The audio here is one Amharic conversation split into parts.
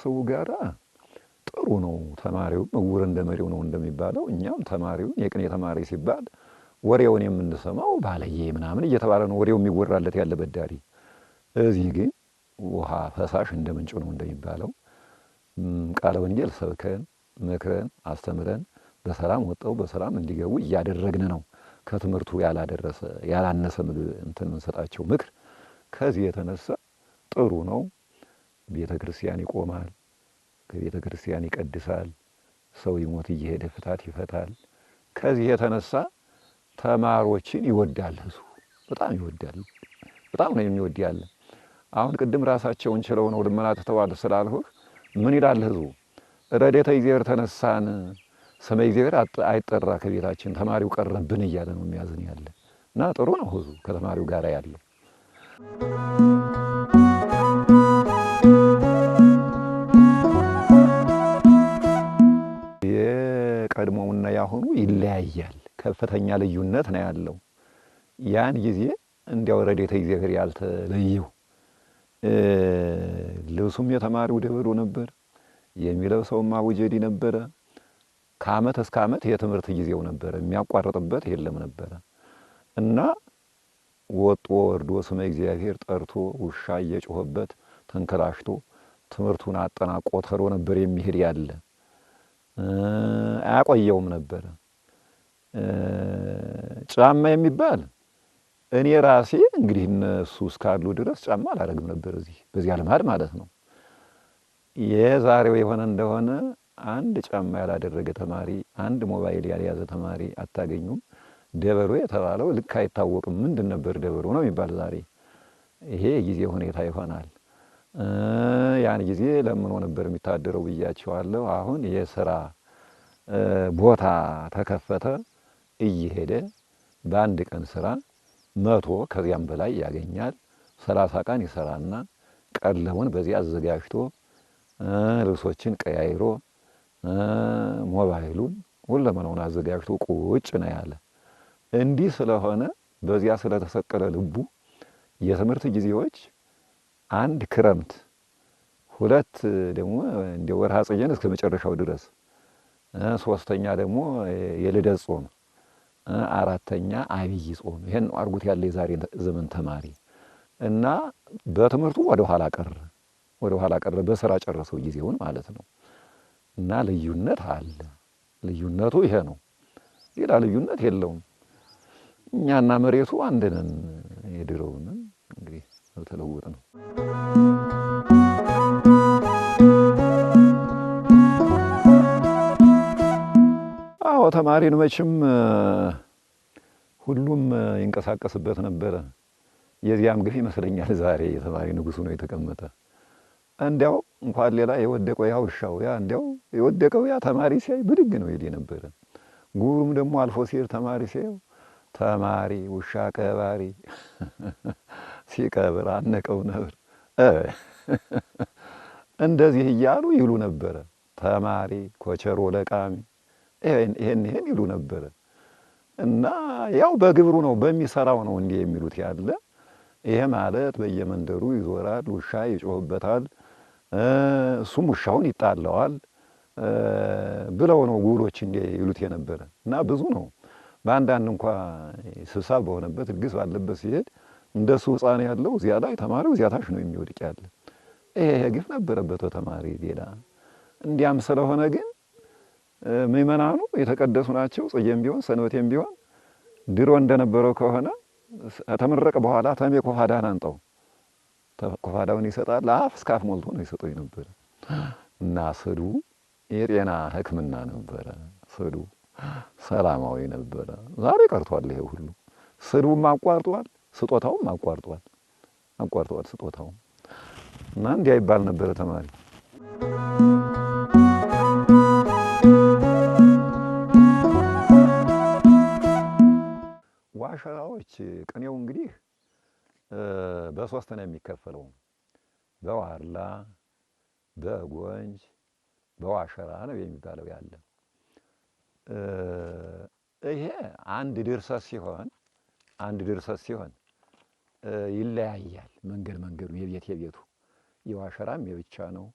ከሰው ጋር ጥሩ ነው። ተማሪውም ዕውር እንደ መሪው ነው እንደሚባለው እኛም ተማሪውን የቅኔ ተማሪ ሲባል ወሬውን የምንሰማው ባለዬ ምናምን እየተባለ ነው ወሬው የሚወራለት ያለ በዳሪ። እዚህ ግን ውሃ ፈሳሽ እንደ ምንጩ ነው እንደሚባለው ቃለ ወንጌል ሰብከን መክረን አስተምረን በሰላም ወጠው በሰላም እንዲገቡ እያደረግን ነው። ከትምህርቱ ያላደረሰ ያላነሰ ምግብ እንትን የምንሰጣቸው ምክር ከዚህ የተነሳ ጥሩ ነው። ቤተ ክርስቲያን ይቆማል፣ ከቤተ ክርስቲያን ይቀድሳል፣ ሰው ይሞት እየሄደ ፍታት ይፈታል። ከዚህ የተነሳ ተማሮችን ይወዳል፣ ህዝቡ በጣም ይወዳል፣ በጣም ነው የሚወድ ያለ። አሁን ቅድም ራሳቸውን ችለው ነው ልመና ትተዋል ስላልሁህ ምን ይላል ህዝቡ? ረዴተ እግዚአብሔር ተነሳን ስመ እግዚአብሔር አይጠራ ከቤታችን ተማሪው ቀረብን እያለ ነው የሚያዝን ያለ እና ጥሩ ነው ህዝቡ ከተማሪው ጋር ያለው የቀድሞውና ያሁኑ ይለያያል። ከፍተኛ ልዩነት ነው ያለው። ያን ጊዜ እንዲያው ረድኤተ እግዚአብሔር ያልተለየው ልብሱም የተማሪው ደበሎ ነበር፣ የሚለብሰውም አቡጀዲ ነበረ። ከዓመት እስከ ዓመት የትምህርት ጊዜው ነበረ፣ የሚያቋርጥበት የለም ነበረ እና ወጦ ወርዶ ስመ እግዚአብሔር ጠርቶ ውሻ እየጮኸበት ተንከላሽቶ ትምህርቱን አጠናቆ ተሮ ነበር የሚሄድ ያለ አያቆየውም ነበረ። ጫማ የሚባል እኔ ራሴ እንግዲህ እነሱ እስካሉ ድረስ ጫማ አላደርግም ነበር፣ እዚህ በዚያ ልማድ ማለት ነው። የዛሬው የሆነ እንደሆነ አንድ ጫማ ያላደረገ ተማሪ፣ አንድ ሞባይል ያልያዘ ተማሪ አታገኙም። ደበሮ የተባለው ልክ አይታወቅም። ምንድን ነበር ደበሮ ነው የሚባል ዛሬ። ይሄ የጊዜ ሁኔታ ይሆናል። ያን ጊዜ ለምኖ ነበር የሚታደረው ብያቸዋለሁ። አሁን የስራ ቦታ ተከፈተ። እየሄደ በአንድ ቀን ስራ መቶ ከዚያም በላይ ያገኛል። ሰላሳ ቀን ይሰራና ቀለቡን በዚህ አዘጋጅቶ ልብሶችን ቀያይሮ ሞባይሉን ሁለመናውን አዘጋጅቶ ቁጭ ነው ያለ። እንዲህ ስለሆነ በዚያ ስለተሰቀለ ልቡ የትምህርት ጊዜዎች አንድ ክረምት፣ ሁለት ደግሞ እንደ ወርሃ ጽጌን እስከ መጨረሻው ድረስ፣ ሶስተኛ ደግሞ የልደት ጾም፣ አራተኛ አብይ ጾም። ይሄን አርጉት ያለ የዛሬ ዘመን ተማሪ እና በትምህርቱ ወደ ኋላ ቀረ፣ ወደ ኋላ ቀረ። በስራ ጨረሰው ጊዜውን ማለት ነው። እና ልዩነት አለ። ልዩነቱ ይሄ ነው። ሌላ ልዩነት የለውም። እኛና መሬቱ አንድ ነን። እንግዲህ ስለተለወጠ ነው። አዎ ተማሪን መቼም ሁሉም ይንቀሳቀስበት ነበረ። የዚያም ግፍ ይመስለኛል ዛሬ የተማሪ ንጉሱ ነው የተቀመጠ። እንዲያው እንኳን ሌላ የወደቀው ያ ውሻው ያ እንዲያው የወደቀው ያ ተማሪ ሲያይ ብድግ ነው ይል ነበረ። ጉሩም ደግሞ አልፎ ሲሄድ ተማሪ ሲያየው ተማሪ ውሻ ቀባሪ ሲቀብር አነቀው ነብር እንደዚህ እያሉ ይሉ ነበረ። ተማሪ ኮቸሮ ለቃሚ ይሄን ይሄን ይሉ ነበረ። እና ያው በግብሩ ነው በሚሰራው ነው እንዲህ የሚሉት ያለ። ይሄ ማለት በየመንደሩ ይዞራል፣ ውሻ ይጮህበታል፣ እሱም ውሻውን ይጣለዋል ብለው ነው ጉሎች እንዲህ ይሉት የነበረ እና ብዙ ነው። በአንዳንድ እንኳ ስብሳብ በሆነበት ድግስ ባለበት ሲሄድ እንደሱ ህፃን ያለው እዚያ ላይ ተማሪው እዚያ ታች ነው የሚወድቅ ያለ። ይሄ ግፍ ነበረበት ተማሪ ሌላ። እንዲያም ስለሆነ ግን ምእመናኑ የተቀደሱ ናቸው። ጽጌም ቢሆን ሰንበቴም ቢሆን ድሮ እንደነበረው ከሆነ ተመረቀ በኋላ ተሜ ኮፋዳን አንጠው ኮፋዳውን ይሰጣል። አፍ እስከ አፍ ሞልቶ ነው ይሰጠው ነበረ እና ስዱ የጤና ህክምና ነበረ። ስዱ ሰላማዊ ነበረ። ዛሬ ቀርቷል ይሄ ሁሉ ስዱም አቋርጧል። ስጦታውም አቋርጧል አቋርጧል ስጦታውም እና እንዲያ ይባል ነበረ ተማሪ ዋሸራዎች ቅኔው እንግዲህ በሶስት ነው የሚከፈለው፣ በዋርላ በጎንጅ በዋሸራ ነው የሚባለው ያለ። ይሄ አንድ ድርሰት ሲሆን አንድ ድርሰት ሲሆን ይለያያል። መንገድ መንገዱ የቤት የቤቱ የዋሸራም የብቻ ነው።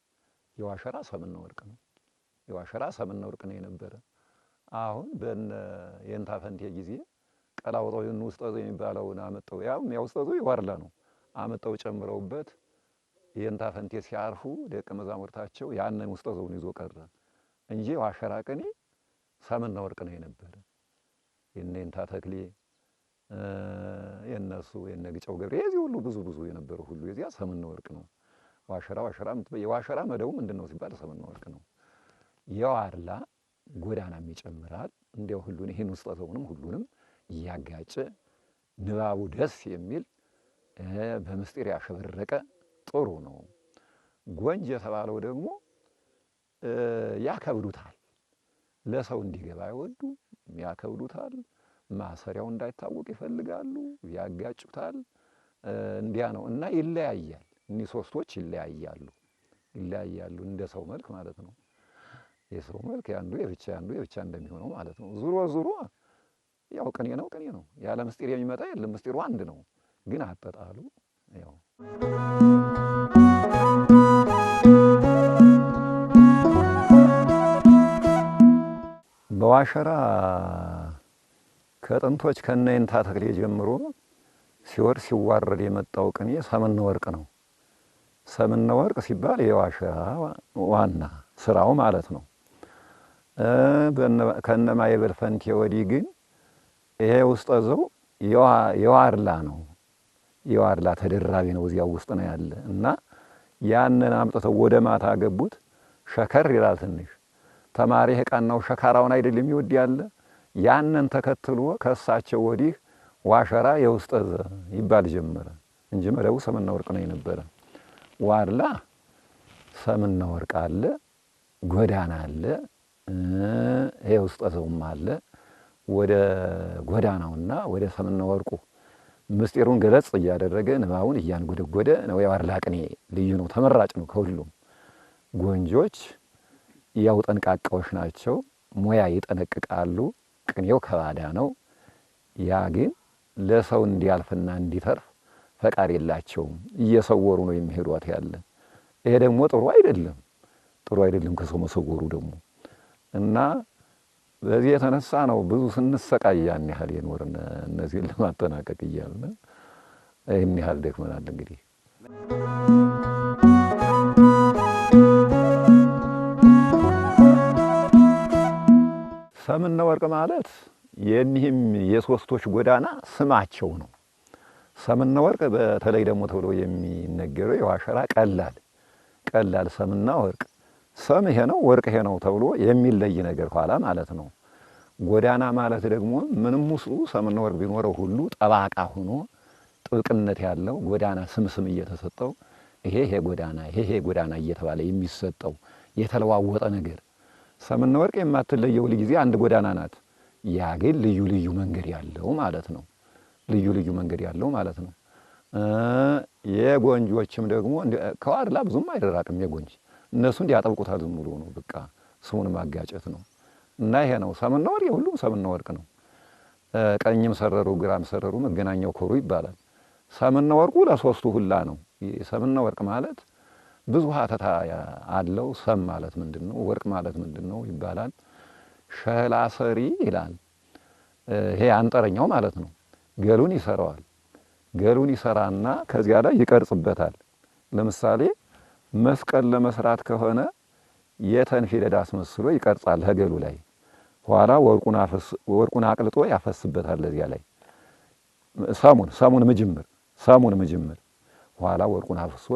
የዋሸራ ሰምና ወርቅ ነው። የዋሸራ ሰምና ወርቅ ነው የነበረ። አሁን በእነ የእንታ ፈንቴ ጊዜ ቀላውጦ ውስጠቱ የሚባለውን አመጠው ያውም ያው ውስጠቱ ነው። አመጠው ጨምረውበት የእንታ ፈንቴ ሲያርፉ ደቀ መዛሙርታቸው ያንን ውስጠቱን ይዞ ቀረ እንጂ የዋሸራ ቅኔ ሰምና ወርቅ ነው የነበረ የእነ የእንታ ተክሌ የእነሱ የነግጨው ገብሬ የዚህ ሁሉ ብዙ ብዙ የነበረ ሁሉ የዚያ ሰምና ወርቅ ነው። ዋሸራ ዋሸራ የዋሸራ መደቡ ምንድን ነው ሲባል ሰምና ወርቅ ነው። የዋርላ ጎዳናም ይጨምራል። እንዲያው ሁሉን ይህን ውስጠ ሰውንም ሁሉንም እያጋጨ ንባቡ ደስ የሚል በምስጢር ያሸበረቀ ጥሩ ነው። ጎንጅ የተባለው ደግሞ ያከብዱታል። ለሰው እንዲገባ አይወዱም፣ ያከብዱታል። ማሰሪያው እንዳይታወቅ ይፈልጋሉ፣ ያጋጩታል። እንዲያ ነው እና ይለያያል። እኒህ ሶስቶች ይለያያሉ ይለያያሉ እንደ ሰው መልክ ማለት ነው። የሰው መልክ ያንዱ የብቻ ያንዱ የብቻ እንደሚሆነው ማለት ነው። ዙሮ ዙሮ ያው ቅኔ ነው ቅኔ ነው። ያለ ምስጢር የሚመጣ የለም። ምስጢሩ አንድ ነው፣ ግን አጠጣሉ ያው በዋሸራ ከጥንቶች ከነይንታ ተክሌ ጀምሮ ሲወር ሲዋረድ የመጣው ቅኔ ሰምና ወርቅ ነው። ሰምነ ወርቅ ሲባል የዋሻ ዋና ስራው ማለት ነው። ከነማ የበልፈንቴ ወዲህ ግን ይሄ ውስጠ ዘው የዋርላ ነው። የዋርላ ተደራቢ ነው። እዚያ ውስጥ ነው ያለ እና ያንን አምጥተው ወደ ማታ ገቡት። ሸከር ይላል ትንሽ ተማሪ ህቃናው ሸካራውን አይደል የሚወድ ያለ ያንን ተከትሎ ከእሳቸው ወዲህ ዋሸራ የውስጠዘ ይባል ጀመረ እንጂ መደቡ ሰምና ወርቅ ነው የነበረ። ዋድላ ሰምና ወርቅ አለ፣ ጎዳና አለ፣ የውስጠዘውም አለ። ወደ ጎዳናውና ወደ ሰምና ወርቁ ምስጢሩን ገለጽ እያደረገ ንባቡን እያንጎደጎደ ነው። የዋድላ ቅኔ ልዩ ነው፣ ተመራጭ ነው። ከሁሉም ጎንጆች ያው ጠንቃቃዎች ናቸው፣ ሙያ ይጠነቅቃሉ። ቅኔው ከባዳ ነው። ያ ግን ለሰው እንዲያልፍና እንዲተርፍ ፈቃድ የላቸውም። እየሰወሩ ነው የሚሄዷት ያለ። ይሄ ደግሞ ጥሩ አይደለም፣ ጥሩ አይደለም ከሰው መሰወሩ ደግሞ እና በዚህ የተነሳ ነው ብዙ ስንሰቃይ ያን ያህል የኖርን እነዚህን ለማጠናቀቅ እያልን ይህን ያህል ደክመናል እንግዲህ ሰምና ወርቅ ማለት የኒህም የሶስቶች ጎዳና ስማቸው ነው። ሰምና ወርቅ በተለይ ደግሞ ተብሎ የሚነገረው የዋሸራ ቀላል ቀላል ሰምና ወርቅ ሰም ይሄ ነው፣ ወርቅ ይሄ ነው ተብሎ የሚለይ ነገር ኋላ ማለት ነው። ጎዳና ማለት ደግሞ ምንም ውስጡ ሰምና ወርቅ ቢኖረው ሁሉ ጠባቃ ሆኖ ጥብቅነት ያለው ጎዳና ስም ስም እየተሰጠው ይሄ ይሄ ጎዳና ይሄ ይሄ ጎዳና እየተባለ የሚሰጠው የተለዋወጠ ነገር ሰምና ወርቅ የማትለየው ሁል ጊዜ አንድ ጎዳና ናት። ያ ግን ልዩ ልዩ መንገድ ያለው ማለት ነው። ልዩ ልዩ መንገድ ያለው ማለት ነው። የጎንጆችም ደግሞ ከዋድላ ብዙም አይደራቅም። የጎንጅ እነሱ እንዲያጠብቁታል ዝም ብሎ ነው በቃ ስሙን ማጋጨት ነው። እና ይሄ ነው ሰምና ወርቅ፣ የሁሉም ሰምና ወርቅ ነው። ቀኝም ሰረሩ ግራም ሰረሩ መገናኛው ኮሩ ይባላል። ሰምና ወርቁ ለሶስቱ ሁላ ነው። ሰምና ወርቅ ማለት ብዙ ሀተታ አለው። ሰም ማለት ምንድን ነው? ወርቅ ማለት ምንድን ነው ይባላል። ሸላ ሰሪ ይላል። ይሄ አንጠረኛው ማለት ነው። ገሉን ይሰራዋል። ገሉን ይሰራና ከዚያ ላይ ይቀርጽበታል። ለምሳሌ መስቀል ለመስራት ከሆነ የተን ፊደል አስመስሎ ይቀርጻል ከገሉ ላይ። ኋላ ወርቁን አቅልጦ ያፈስበታል። ለዚያ ላይ ሰሙን ሰሙን ምጅምር ሰሙን ምጅምር ኋላ ወርቁን አፍስሶ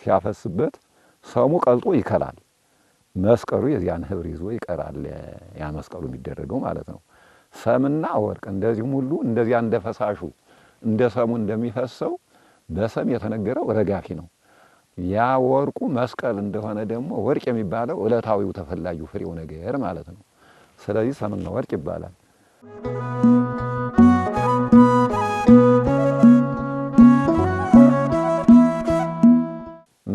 ሲያፈስበት ሰሙ ቀልጦ ይከላል። መስቀሉ የዚያን ህብር ይዞ ይቀራል። ያ መስቀሉ የሚደረገው ማለት ነው። ሰምና ወርቅ እንደዚሁም ሁሉ እንደዚያ እንደ ፈሳሹ እንደ ሰሙ እንደሚፈሰው በሰም የተነገረው ረጋፊ ነው። ያ ወርቁ መስቀል እንደሆነ ደግሞ ወርቅ የሚባለው ዕለታዊው ተፈላጊው ፍሬው ነገር ማለት ነው። ስለዚህ ሰምና ወርቅ ይባላል።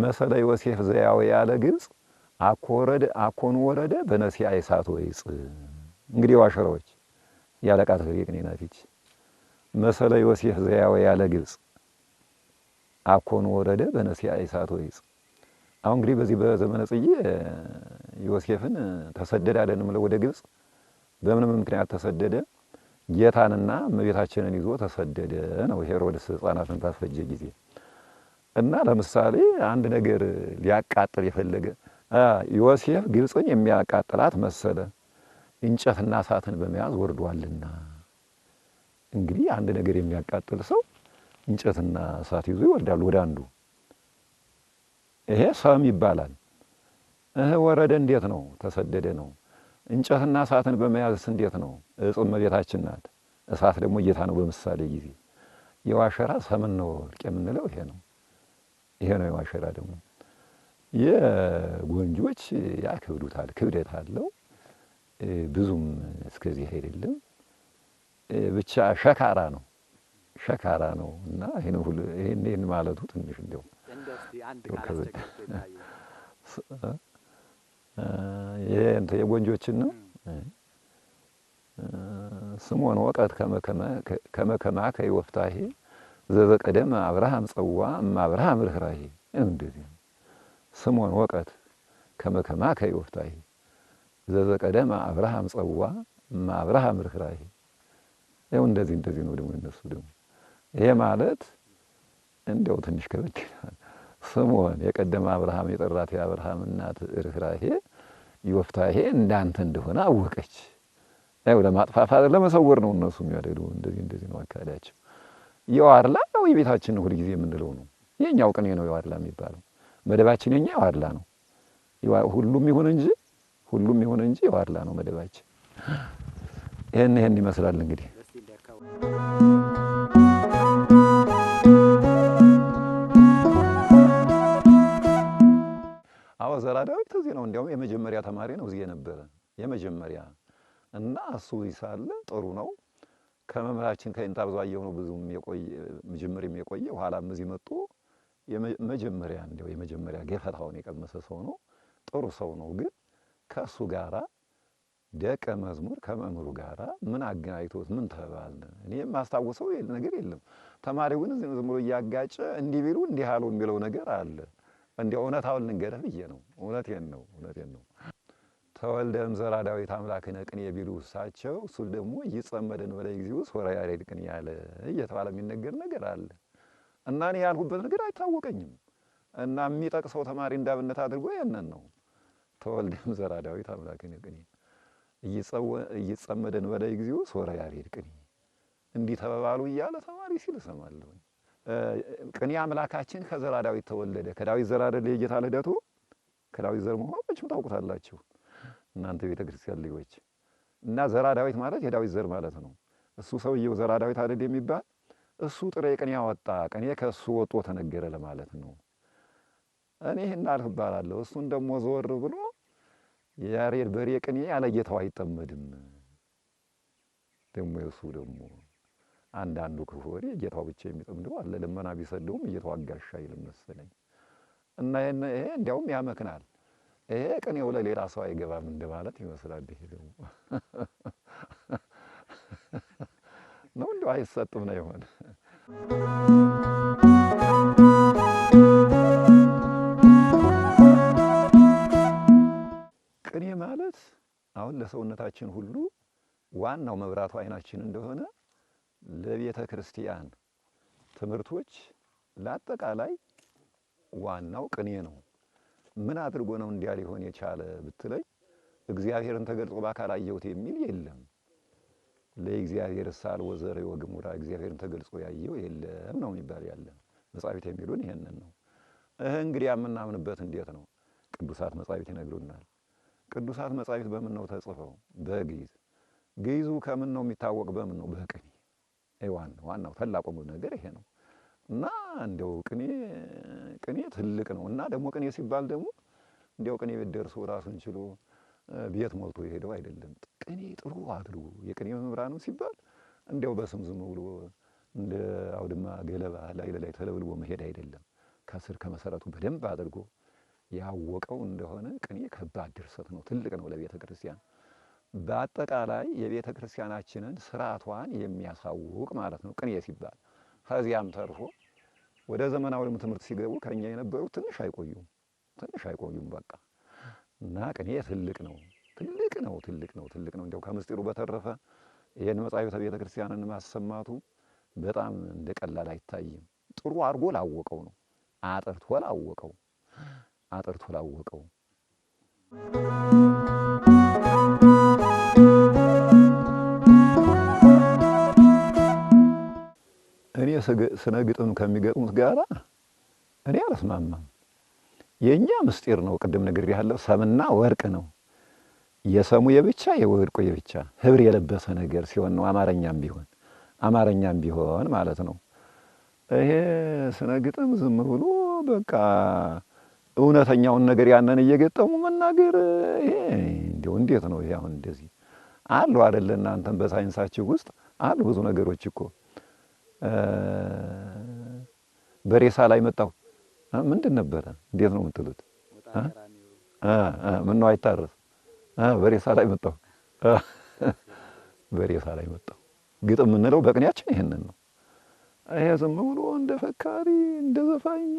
መሰለ ዮሴፍ ዘያው ያለ ግብፅ አኮረደ አኮን ወረደ በነሲያ ይሳት ወይጽ እንግዲህ ዋሸሮች ያለቃ ነኝ ናፊች መሰለ ዮሴፍ ዘያው ያለ ግብፅ አኮን ወረደ በነሲያ ይሳት ወይጽ አሁን እንግዲህ በዚህ በዘመነ ጽጌ ዮሴፍን ተሰደደ አይደል ምለው ወደ ግብፅ በምንም ምክንያት ተሰደደ ጌታንና እመቤታችንን ይዞ ተሰደደ ነው ሄሮድስ ሕፃናትን ባስፈጀ ጊዜ እና ለምሳሌ አንድ ነገር ሊያቃጥል የፈለገ ዮሴፍ ግብፅን የሚያቃጥላት መሰለ እንጨትና እሳትን በመያዝ ወርዷልና። እንግዲህ አንድ ነገር የሚያቃጥል ሰው እንጨትና እሳት ይዞ ይወርዳል ወደ አንዱ። ይሄ ሰም ይባላል። እህ ወረደ እንዴት ነው? ተሰደደ ነው። እንጨትና እሳትን በመያዝስ እንዴት ነው? እጽም መቤታችን ናት፣ እሳት ደግሞ ጌታ ነው። በምሳሌ ጊዜ የዋሸራ ሰምን ነው ወርቅ የምንለው ይሄ ነው። ይሄ ነው የዋሸራ ደግሞ የጎንጆች ያክብዱታል፣ ክብደት አለው። ብዙም እስከዚህ አይደለም፣ ብቻ ሸካራ ነው ሸካራ ነው እና ይህን ሁሉ ይህን ማለቱ ትንሽ እንዲሁ የጎንጆችን ነው ስሞን ወቀት ከመከማ ከይወፍታሄ ዘበቀደም አብርሃም ጸዋ እማ አብርሃም ርኅራሄ እንደዚህ ነው። ስሞን ወቀት ከመከማ ከይወፍታሄ ዘበቀደም አብርሃም ጸዋ እማ አብርሃም ርኅራሄ ይኸው እንደዚህ እንደዚህ ነው። ደግሞ እነሱ ደግሞ ይሄ ማለት እንደው ትንሽ ከበድ ይላል። ስሞን የቀደመ አብርሃም የጠራት የአብርሃም እናት ርኅራሄ ይወፍታሄ እንዳንተ እንደሆነ አወቀች። ያው ለማጥፋፋት ለመሰወር ነው እነሱ የሚያደሉ እንደዚህ እንደዚህ ነው አካሄዳቸው። የዋርላ ያው የቤታችን ነው ሁልጊዜ የምንለው ነው። የኛው ቅኔ ነው የዋርላ የሚባለው መደባችን የኛ የዋርላ ነው። ሁሉም ይሁን እንጂ ሁሉም ይሁን እንጂ የዋርላ ነው መደባችን። ይህን ይህን ይመስላል እንግዲህ አዎ ዘራ ዳዊት እዚህ ነው። እንዲያውም የመጀመሪያ ተማሪ ነው እዚህ የነበረ የመጀመሪያ እና እሱ ይሳለ ጥሩ ነው ከመምህራችን ከይንታ ብዙአየሁ ነው ብዙም የቆየ መጀመሪያም የቆየ ኋላም እዚህ መጡ። የመጀመሪያ እንደው የመጀመሪያ ገፈታውን የቀመሰ ሰው ነው። ጥሩ ሰው ነው። ግን ከእሱ ጋራ ደቀ መዝሙር ከመምህሩ ጋራ ምን አገናኝቶት ምን ተባልን? እኔ የማስታውሰው ነገር የለም። ተማሪው ግን ዝም ብሎ እያጋጨ እንዲህ ቢሉ እንዲህ አሉ የሚለው ነገር አለ። እንዲያው እውነታውን ልንገረህ ብዬ ነው። እውነቴን ነው። እውነቴን ነው። ተወልደ እምዘራ ዳዊት አምላክነ ቅኔ ቢሉ እሳቸው እሱ ደግሞ ይጸመደን በላይ ጊዜ ውስጥ ወራ ያሬድ ቅኔ ያለ እየተባለ የሚነገር ነገር አለ እና እኔ ያልሁበት ነገር አይታወቀኝም እና የሚጠቅሰው ተማሪ እንዳብነት አድርጎ ያንን ነው። ተወልደ እምዘራ ዳዊት አምላክነ ቅኔ እይጸመደን በላይ ጊዜ ውስጥ ወራ ያሬድ ቅኔ እንዲህ ተበባሉ እያለ ተማሪ ሲል እሰማለሁ። ቅኔ አምላካችን ከዘራ ዳዊት ተወለደ ከዳዊት ዘር አይደል የጌታ ልደቱ ከዳዊት ዘር መሆኑ መቼም ታውቁታላችሁ። እናንተ ቤተ ክርስቲያን ልጆች እና ዘራ ዳዊት ማለት የዳዊት ዘር ማለት ነው። እሱ ሰውየው ዘራ ዳዊት አይደል የሚባል እሱ ጥሬ ቅኔ ያወጣ ቅኔ ከእሱ ወጦ ተነገረ ለማለት ነው። እኔ እናልፍ እባላለሁ። እሱን ደግሞ ዘወር ብሎ ያሬድ በሬ ቅኔ ያለ ጌታው አይጠመድም። ደግሞ የእሱ ደግሞ አንዳንዱ ክፉ ወሬ ጌታው ብቻ የሚጠምደው አለ። ልመና ቢሰደውም እየተዋጋሻ ይልም መሰለኝ እና ይሄ እንዲያውም ያመክናል ይሄ ቅኔው ለሌላ ሰው አይገባም እንደማለት ይመስላል። ይሄ ደግሞ ነው እንዲ አይሰጥም ነው የሆነ ቅኔ ማለት አሁን ለሰውነታችን ሁሉ ዋናው መብራቱ አይናችን እንደሆነ ለቤተ ክርስቲያን ትምህርቶች ለአጠቃላይ ዋናው ቅኔ ነው። ምን አድርጎ ነው እንዲያ ሊሆን የቻለ ብትለይ እግዚአብሔርን ተገልጾ በአካል አየሁት የሚል የለም። ለእግዚአብሔር ሳል ዘርእዮ ገሙራ እግዚአብሔርን ተገልጾ ያየው የለም ነው የሚባል ያለ መጻሕፍት የሚሉን ይሄንን ነው። እህ እንግዲህ የምናምንበት እንዴት ነው? ቅዱሳት መጻሕፍት ይነግሩናል። ቅዱሳት መጻሕፍት በምን ነው ተጽፈው? በግዕዝ። ግዕዙ ከምን ነው የሚታወቅ? በምን ነው? በቅኔ። ዋናው ዋናው ተላቆሙ ነገር ይሄ ነው። እና እንዲያው ቅኔ ቅኔ ትልቅ ነው እና ደግሞ ቅኔ ሲባል ደግሞ እንዲያው ቅኔ ቤት ደርሶ ራሱን ችሎ ቤት ሞልቶ የሄደው አይደለም። ቅኔ ጥሩ አድርጉ የቅኔ መምህራኑ ሲባል እንዲያው በስም ዝም ብሎ እንደ አውድማ ገለባ ላይ ላይ ተለብልቦ መሄድ አይደለም። ከስር ከመሰረቱ በደንብ አድርጎ ያወቀው እንደሆነ ቅኔ ከባድ ድርሰት ነው፣ ትልቅ ነው ለቤተ ክርስቲያን። በአጠቃላይ የቤተ ክርስቲያናችንን ስርዓቷን የሚያሳውቅ ማለት ነው ቅኔ ሲባል ከዚያም ተርፎ ወደ ዘመናዊ ደግሞ ትምህርት ሲገቡ ከኛ የነበሩ ትንሽ አይቆዩም፣ ትንሽ አይቆዩም በቃ እና ቅኔ ትልቅ ነው፣ ትልቅ ነው፣ ትልቅ ነው፣ ትልቅ ነው። እንዲያው ከምስጢሩ በተረፈ ይህን መጻሕፍተ ቤተ ክርስቲያንን ማሰማቱ በጣም እንደ ቀላል አይታይም። ጥሩ አድርጎ ላወቀው ነው፣ አጥርቶ ላወቀው፣ አጥርቶ ላወቀው Thank you. እኔ ስነ ግጥም ከሚገጥሙት ጋር እኔ አልስማማም። የእኛ ምስጢር ነው። ቅድም ነገር ያለው ሰምና ወርቅ ነው። የሰሙ የብቻ የወርቁ የብቻ ህብር የለበሰ ነገር ሲሆን ነው። አማርኛም ቢሆን አማርኛም ቢሆን ማለት ነው። ይሄ ስነ ግጥም ዝም ብሎ በቃ እውነተኛውን ነገር ያንን እየገጠሙ መናገር እንዲሁ እንዴት ነው? ይሄ አሁን እንደዚህ አሉ አደለ? እናንተም በሳይንሳችሁ ውስጥ አሉ ብዙ ነገሮች እኮ በሬሳ ላይ መጣሁ። ምንድን ነበረ? እንዴት ነው የምትሉት? ምን ነው አይታረስ? በሬሳ ላይ መጣሁ፣ በሬሳ ላይ መጣሁ። ግጥም የምንለው በቅኔያችን ይህንን ነው። ይሄ ዝም ብሎ እንደ ፈካሪ እንደ ዘፋኝ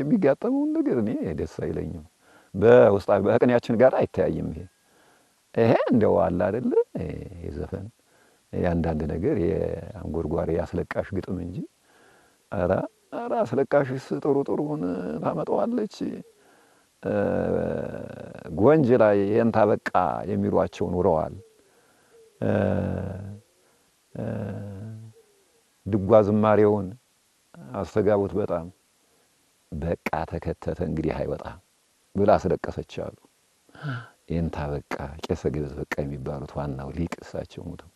የሚጋጠመውን ነገር እኔ ደስ አይለኝም። በውስጣ በቅኔያችን ጋር አይተያይም። ይሄ ይሄ እንደው አለ አይደለ ዘፈን የአንዳንድ ነገር የአንጎርጓሪ አስለቃሽ ግጥም እንጂ ኧረ ኧረ አስለቃሽስ ጥሩ ጥሩን ታመጣዋለች ጎንጅ ላይ ይህን ታበቃ የሚሏቸው ኑረዋል። ድጓ ዝማሬውን አስተጋቡት በጣም በቃ ተከተተ እንግዲህ አይወጣ ብላ አስለቀሰች አሉ። ይህን ታበቃ ቄሰ ግብዝ በቃ የሚባሉት ዋናው ሊቅ እሳቸው ሙተው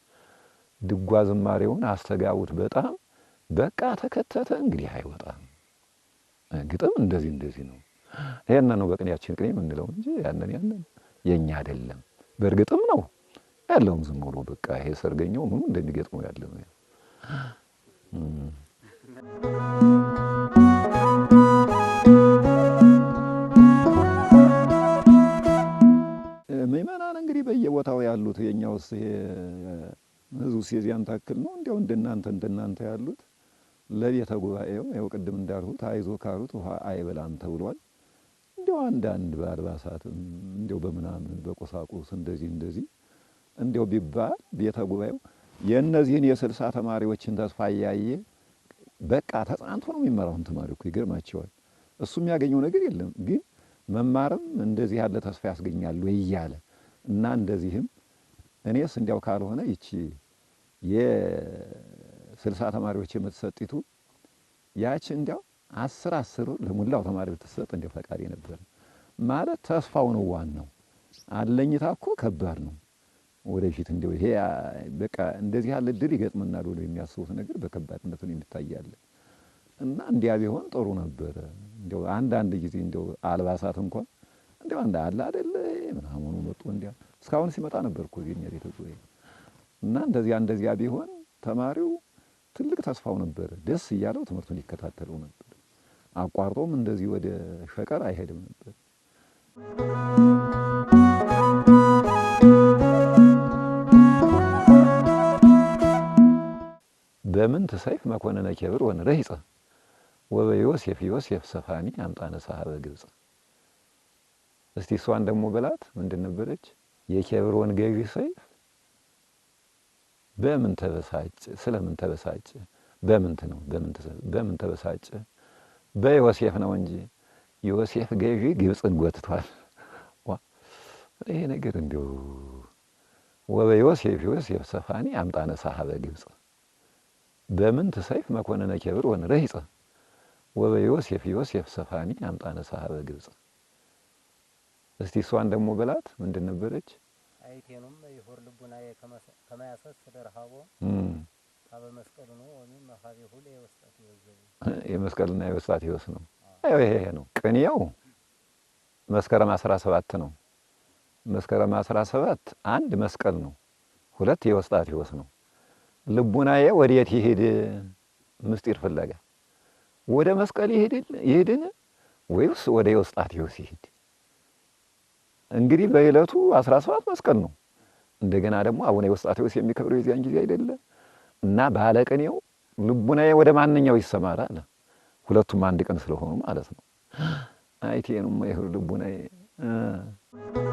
ድጓ ዝማሬውን አስተጋቡት በጣም በቃ ተከተተ እንግዲህ አይወጣም። ግጥም እንደዚህ እንደዚህ ነው። ይህን ነው በቅኔያችን ቅኔ የምንለው እንጂ ያንን ያንን የእኛ አይደለም። በእርግጥም ነው ያለውም ዝም ብሎ በቃ ይሄ ሰርገኛው ምኑ እንደሚገጥመው ያለ ነው። ምዕመናን እንግዲህ በየቦታው ያሉት የእኛውስ ህዝቡ ሲዚያን ታክል ነው። እንዲያው እንደናንተ እንደናንተ ያሉት ለቤተ ጉባኤው ያው ቅድም እንዳልሁት አይዞ ካሉት ውሃ አይበላም ተብሏል። እንዲያው አንዳንድ በአልባሳትም እንዲያው በምናምን በቁሳቁስ እንደዚህ እንደዚህ እንዲያው ቢባል ቤተ ጉባኤው የእነዚህን የስልሳ ተማሪዎችን ተስፋ እያየ በቃ ተጽናንቶ ነው የሚመራውን ተማሪ እኮ ይገርማቸዋል። እሱ የሚያገኘው ነገር የለም ግን መማርም እንደዚህ ያለ ተስፋ ያስገኛሉ እያለ እና እንደዚህም እኔስ እንዲያው ካልሆነ ይቺ የስልሳ ተማሪዎች የምትሰጢቱ ያች እንዲያው አስር አስሩ ለሙላው ተማሪ ብትሰጥ እንዲያው ፈቃድ ነበር ማለት ተስፋው ነው ዋናው። አለኝታ እኮ ከባድ ነው። ወደፊት እንዲያው ይሄ በቃ እንደዚህ ያለ ድል ይገጥመናል ብሎ የሚያስቡት ነገር በከባድነት ነው የሚታያለ እና እንዲያ ቢሆን ጥሩ ነበረ። እንዲያው አንዳንድ ጊዜ እንዲያው አልባሳት እንኳን እንዲ እንዳ አለ አደለ ምናምኑ መጡ እንዲያ እስካሁን ሲመጣ ነበር እኮ ቪኔር የተጎየ እና እንደዚያ እንደዚያ ቢሆን ተማሪው ትልቅ ተስፋው ነበር። ደስ እያለው ትምህርቱን ይከታተለው ነበር። አቋርጦም እንደዚህ ወደ ሸቀር አይሄድም ነበር። በምን ሰይፍ መኮንነ ኬብር ወንረሂፀ ወበ ዮሴፍ ዮሴፍ ሰፋኒ አምጣነ ሰሃበ ግብጽ እስቲ እሷን ደግሞ በላት ምንድን ነበረች? የኬብሮን ገዢ ሰይፍ በምን ተበሳጭ? ስለምን ተበሳጭ? በምንት ነው በምን ተበሳጭ? በዮሴፍ ነው እንጂ ዮሴፍ ገዢ ግብፅን ጎትቷል። ይሄ ነገር እንዲሁ ወበ ዮሴፍ ዮሴፍ ሰፋኒ አምጣነ ሳሃበ ግብፅ በምንት ሰይፍ መኮንነ ኬብሮን ረሂፀ ወበዮሴፍ ዮሴፍ ሰፋኒ አምጣነ ሳሃበ ግብፅ እስቲ እሷን ደግሞ በላት ምንድን ነበረች? አይቴኑም ይሁር ልቡና ከማያሰስ ደርሃቦ የመስቀልና የወስጣት ነው። ይሄ ነው ቅኔው። መስከረም አስራ ሰባት ነው። መስከረም አስራ ሰባት አንድ መስቀል ነው፣ ሁለት የወስጣት ህይወት ነው። ልቡናዬ ወዴት ይሄድ? ምስጢር ፍለጋ ወደ መስቀል ይሄድን? ወይስ ወደ የወስጣት ህይወት ይሄድ? እንግዲህ በዕለቱ አስራ ሰባት መስቀል ነው። እንደገና ደግሞ አቡነ ወስጣቴዎስ የሚከብረው የዚያን ጊዜ አይደለ እና ባለቅኔው ልቡናዬ ወደ ማንኛው ይሰማራል አለ። ሁለቱም አንድ ቀን ስለሆኑ ማለት ነው። አይቴንም ይሁር ልቡናዬ